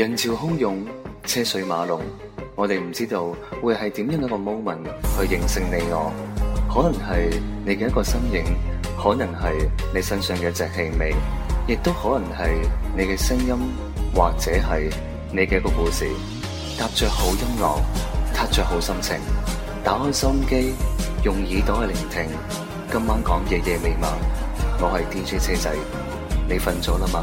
人潮洶湧，車水馬龍，我哋唔知道會係點樣一個 moment 去形成你我，可能係你嘅一個身影，可能係你身上嘅一隻氣味，亦都可能係你嘅聲音，或者係你嘅一個故事，搭着好音樂，搭着好心情，打開收音機，用耳朵去聆聽，今晚講夜夜未眠，我係 DJ 車仔，你瞓咗啦嘛？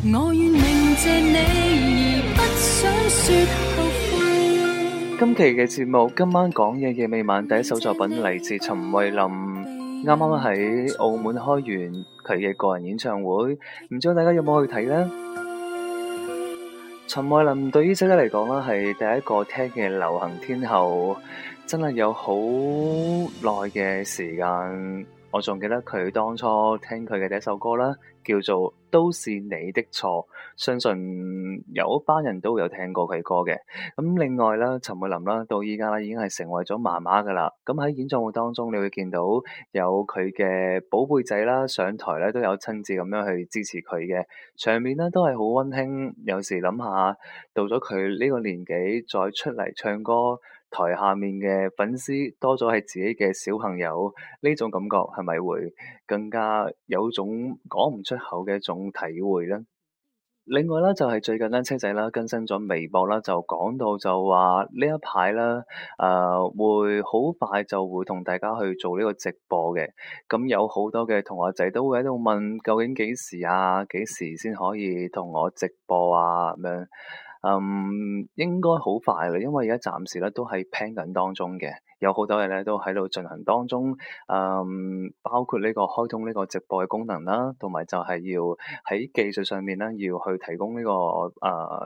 今期嘅節目今晚講嘢夜未晚，第一首作品嚟自陳慧琳，啱啱喺澳門開完佢嘅個人演唱會，唔知大家有冇去睇呢？陳慧琳對於姐姐嚟講咧，係第一個聽嘅流行天后，真係有好耐嘅時間。我仲記得佢當初聽佢嘅第一首歌啦，叫做《都是你的錯》，相信有一班人都有聽過佢歌嘅。咁另外啦，陳慧琳啦，到依家啦已經係成為咗媽媽噶啦。咁喺演唱會當中，你會見到有佢嘅寶貝仔啦上台咧，都有親自咁樣去支持佢嘅場面咧，都係好温馨。有時諗下，到咗佢呢個年紀再出嚟唱歌，台下面嘅粉絲多咗係自己嘅小朋友，呢種感覺係咪會更加有種講唔出口嘅一種體會呢？另外咧就係最近咧車仔啦更新咗微博啦，就講到就話呢一排咧誒會好快就會同大家去做呢個直播嘅，咁有好多嘅同學仔都會喺度問究竟幾時啊？幾時先可以同我直播啊？咁樣。嗯，um, 應該好快嘅，因為而家暫時咧都係 plan 緊當中嘅。有好多嘢咧，都喺度進行當中，嗯，包括呢個開通呢個直播嘅功能啦，同埋就係要喺技術上面咧，要去提供呢、這個誒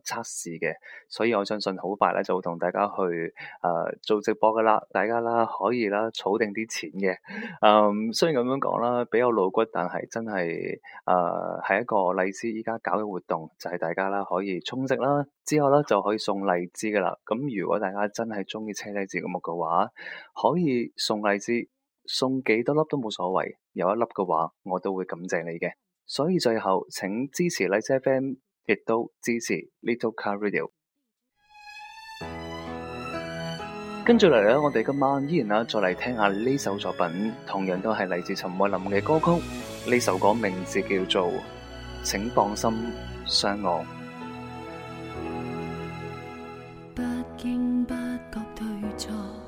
測試嘅。所以我相信好快咧，就會同大家去誒、呃、做直播噶啦。大家啦可以啦儲定啲錢嘅，嗯，雖然咁樣講啦，比較露骨，但係真係誒係一個荔枝依家搞嘅活動，就係、是、大家啦可以充值啦，之後咧就可以送荔枝噶啦。咁如果大家真係中意車厘子節目嘅話，可以送荔枝，送幾多粒都冇所謂。有一粒嘅話，我都會感謝你嘅。所以最後，請支持荔枝 FM，亦都支持 Little Car Radio。跟住嚟啦，我哋今晚依然啦，再嚟聽下呢首作品，同樣都係嚟自陳慧琳嘅歌曲。呢首歌名字叫做《請放心，傷我》。不經不覺退縮。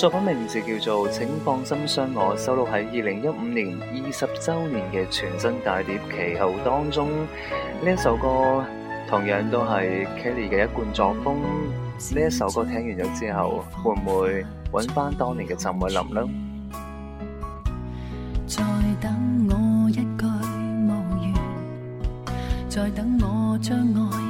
作品名字叫做《請放心傷我》，收錄喺二零一五年二十周年嘅全新大碟《其後》當中。呢一首歌同樣都係 Kelly 嘅一貫作風。呢一首歌聽完咗之後，會唔會揾返當年嘅陳慧琳呢？再等我一句無言，再等我將愛。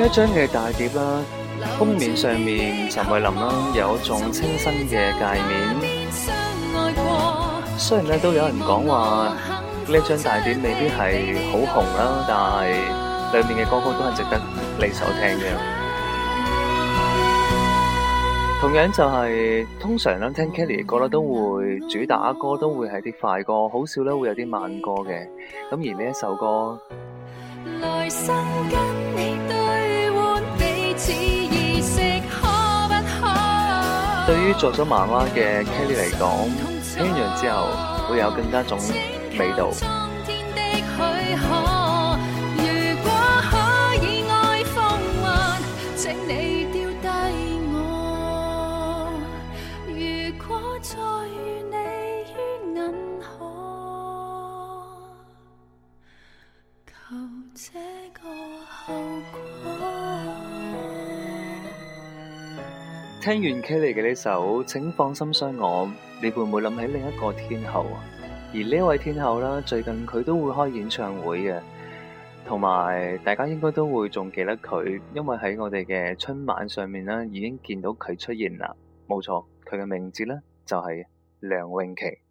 呢一張嘅大碟啦，封面上面陳慧琳啦，有一種清新嘅界面。雖然咧都有人講話呢一張大碟未必係好紅啦，但係裏面嘅歌曲都係值得你首聽嘅。同樣就係通常咧聽 Kelly 嘅歌咧，都會主打歌都會係啲快歌，好少咧會有啲慢歌嘅。咁而呢一首歌。對於做咗媽媽嘅 Kelly 嚟講，聽完之後會有更加種味道。 聽完 Kary 嘅呢首，請放心傷我，你會唔會諗起另一個天后啊？而呢位天后啦，最近佢都會開演唱會嘅，同埋大家應該都會仲記得佢，因為喺我哋嘅春晚上面咧，已經見到佢出現啦。冇錯，佢嘅名字咧就係、是、梁詠琪。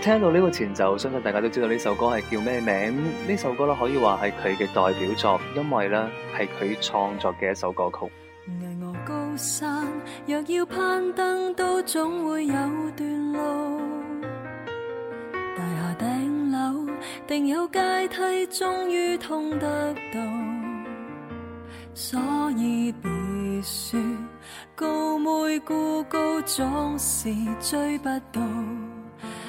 聽到呢個前奏，相信大家都知道呢首歌係叫咩名？呢首歌呢可以話係佢嘅代表作，因為呢係佢創作嘅一首歌曲。巍峨高山，若要攀登，都總會有段路；大廈頂樓，定有階梯，終於通得到。所以別說高妹孤高，總是追不到。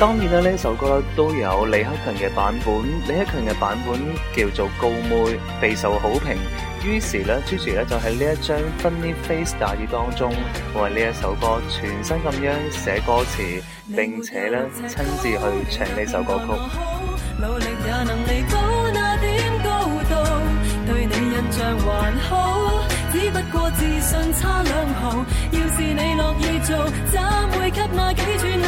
當然啦，呢首歌咧都有李克勤嘅版本，李克勤嘅版本叫做《高妹》備受好評。於是咧，朱 i 咧就喺、是、呢一張《Funny Face》大碟當中為呢一首歌全新咁樣寫歌詞，並且咧親自去唱呢、啊、首歌曲。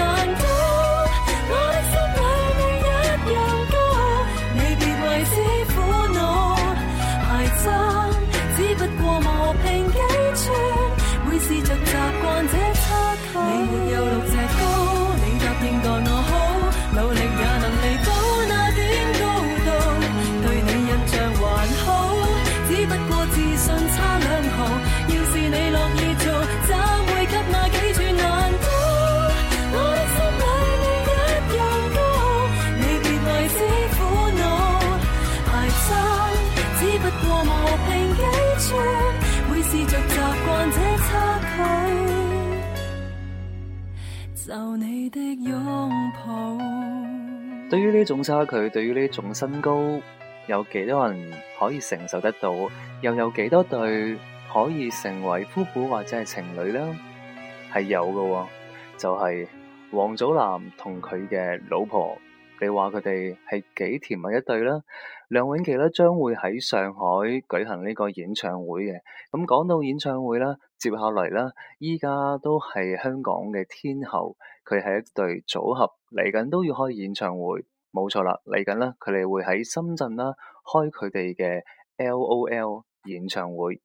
於呢種差距，對於呢種身高，有幾多人可以承受得到？又有幾多對可以成為夫婦或者係情侶呢？係有噶喎，就係王祖藍同佢嘅老婆，你話佢哋係幾甜蜜一對啦？梁詠琪呢將會喺上海舉行呢個演唱會嘅。咁講到演唱會啦，接下嚟啦，依家都係香港嘅天后，佢係一對組合嚟緊都要開演唱會。冇錯啦，嚟緊啦，佢哋會喺深圳啦開佢哋嘅 LOL 演唱會。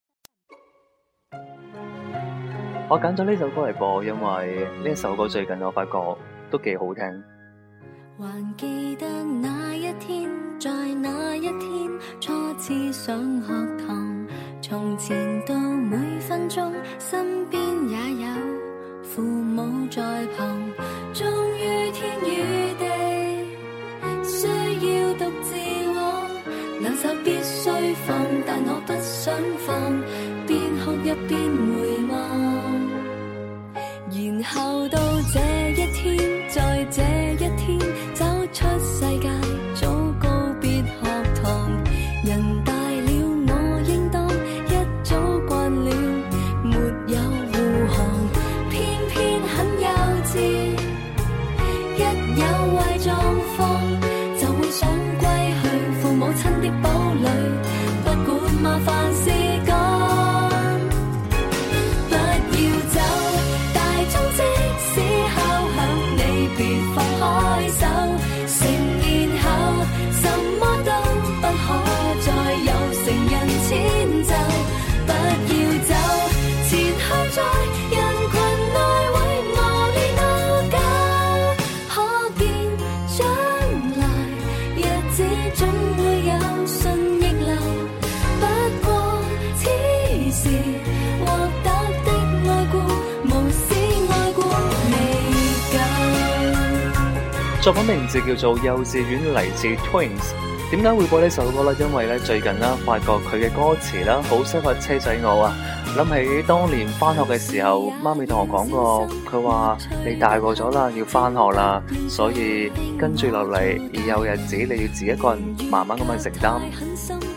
我揀咗呢首歌嚟播，因為呢首歌最近我發覺都幾好聽。還記得那一天，在那一天初次上學堂，從前到每。作品名字叫做《幼稚園嚟自 Twins》，點解會播呢首歌呢？因為咧最近咧發覺佢嘅歌詞咧好適合車仔我啊！諗起當年返學嘅時候，媽咪同我講過，佢話你大個咗啦，要返學啦，所以跟住落嚟有日子你要自己一個人慢慢咁去承擔。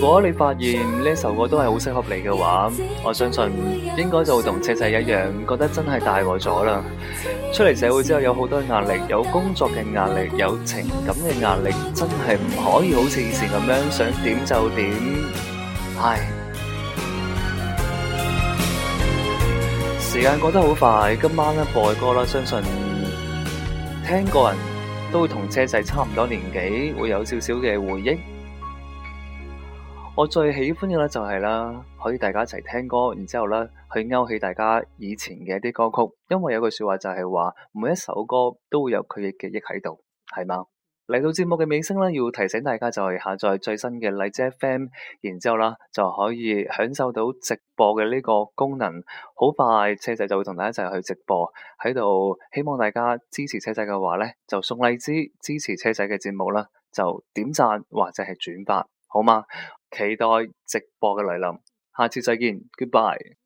如果你發現呢首歌都係好適合你嘅話，我相信應該就會同車仔一樣，覺得真係大我咗啦。出嚟社會之後有好多壓力，有工作嘅壓力，有情感嘅壓力，真係唔可以好似以前咁樣想點就點。唉，時間過得好快，今晚咧播嘅歌啦，相信聽個人都會同車仔差唔多年紀，會有少少嘅回憶。我最喜歡嘅咧就係啦，可以大家一齊聽歌，然之後咧去勾起大家以前嘅一啲歌曲，因為有句說話就係話，每一首歌都會有佢嘅記憶喺度，係嘛？嚟到節目嘅尾聲咧，要提醒大家就係下載最新嘅荔枝 FM，然之後啦就可以享受到直播嘅呢個功能。好快車仔就會同大家一齊去直播喺度，在希望大家支持車仔嘅話咧，就送荔枝支持車仔嘅節目啦，就點贊或者係轉發。好嘛，期待直播嘅嚟臨，下次再見，goodbye。